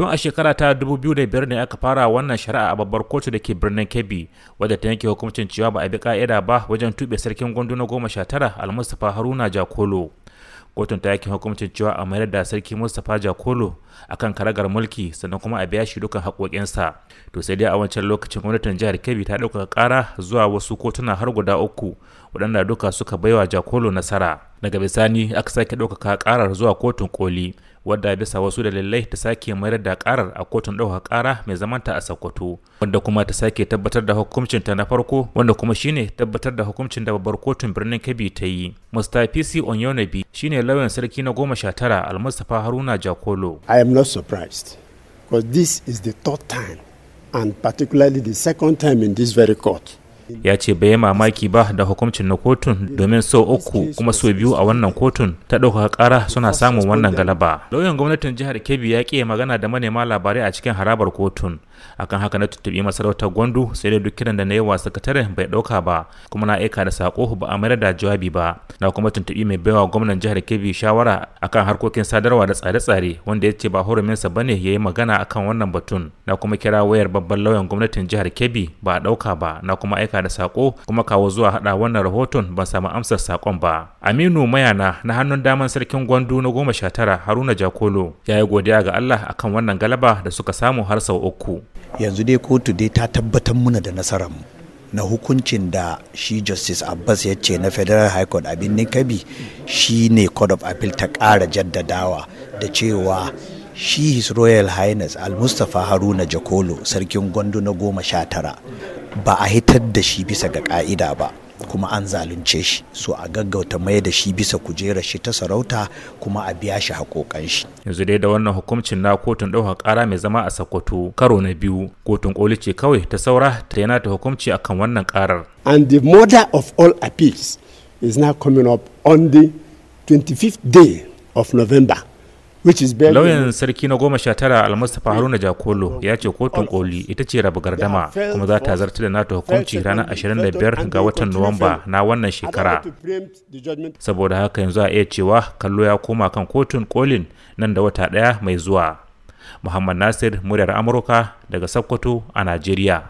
don a shekara ta 2005 ne aka fara wannan shari'a a babbar kotu da ke birnin kebbi wadda ta yanke hukuncin cewa ba a bi ka'ida ba wajen tuɓe sarkin gwandu na goma sha tara almustapha haruna jakolo kotun ta yanke hukuncin cewa a mayar da sarki mustapha jakolo akan karagar mulki sannan kuma a biya shi dukan haƙoƙinsa to sai dai a wancan lokacin gwamnatin jihar kebbi ta ɗaukaka ƙara zuwa wasu kotuna har guda uku waɗanda duka suka baiwa jakolo nasara daga bisani aka sake ɗaukaka karar zuwa kotun koli wadda bisa wasu dalilai ta sake mayar da karar a kotun ɗaukaka ƙara mai zamanta a sokoto wanda kuma ta sake tabbatar da hukuncin ta na farko wanda kuma shine tabbatar da hukumcin da babbar kotun birnin kebbi ta yi mustapisi onyonabi shine lauyan sarki na goma sha tara almustapha haruna jakolo i am not surprised because this is the third time and particularly the second time in this very court ya ce bai mamaki ba da hukuncin na kotun domin sau uku kuma sau biyu a wannan kotun ta ɗaukaka ƙara suna samun wannan galaba lauyan gwamnatin jihar kebbi ya ƙi magana da manema labarai a cikin harabar kotun akan haka na tuttubi masarautar gwandu sai da duk kiran da na yi wa sakataren bai ɗauka ba kuma na aika da sako ba a mayar da jawabi ba na kuma tuntubi mai baiwa gwamnan jihar kebbi shawara akan harkokin sadarwa da tsare-tsare wanda ya ce ba horuminsa ba ne ya yi magana akan wannan batun na kuma kira wayar babban lauyan gwamnatin jihar kebbi ba a ɗauka ba na kuma aika da sako kuma kawo zuwa haɗa wannan rahoton ban samu amsar sakon ba aminu mayana na hannun daman sarkin gwandu na goma sha tara haruna jakolo ya yi godiya ga allah akan wannan galaba da suka samu har sau uku yanzu dai kotu dai ta tabbatar muna da nasarar mu na hukuncin da shi justice abbas ya ce na federal high court abin kabi shi ne court of appeal ta kara jaddadawa da cewa shi his royal highness al-mustapha haruna jakolo sarkin gwandu na goma sha tara ba a hitar da shi bisa ga ka'ida ba kuma an zalunce shi so a gaggauta mai da shi bisa kujera shi ta sarauta kuma a biya shi haƙoƙan shi yanzu dai da wannan hukuncin na kotun ɗaukar ƙara mai zama a sakkwato karo na biyu kotun koli ce kawai ta saura ta yana ta hukunci akan wannan ƙarar and the mother of all appeals is now coming up on the 25th day of november lauyan sarki na goma sha tara almustapha haruna jakolo ya ce kotun koli ita ce raba gardama kuma za ta zarta da nata hukunci ranar 25 ga watan nuwamba na wannan shekara saboda haka yanzu a iya cewa kallo ya koma kan kotun kolin nan da wata daya mai zuwa muhammad nasir muryar amurka daga sokoto a najeriya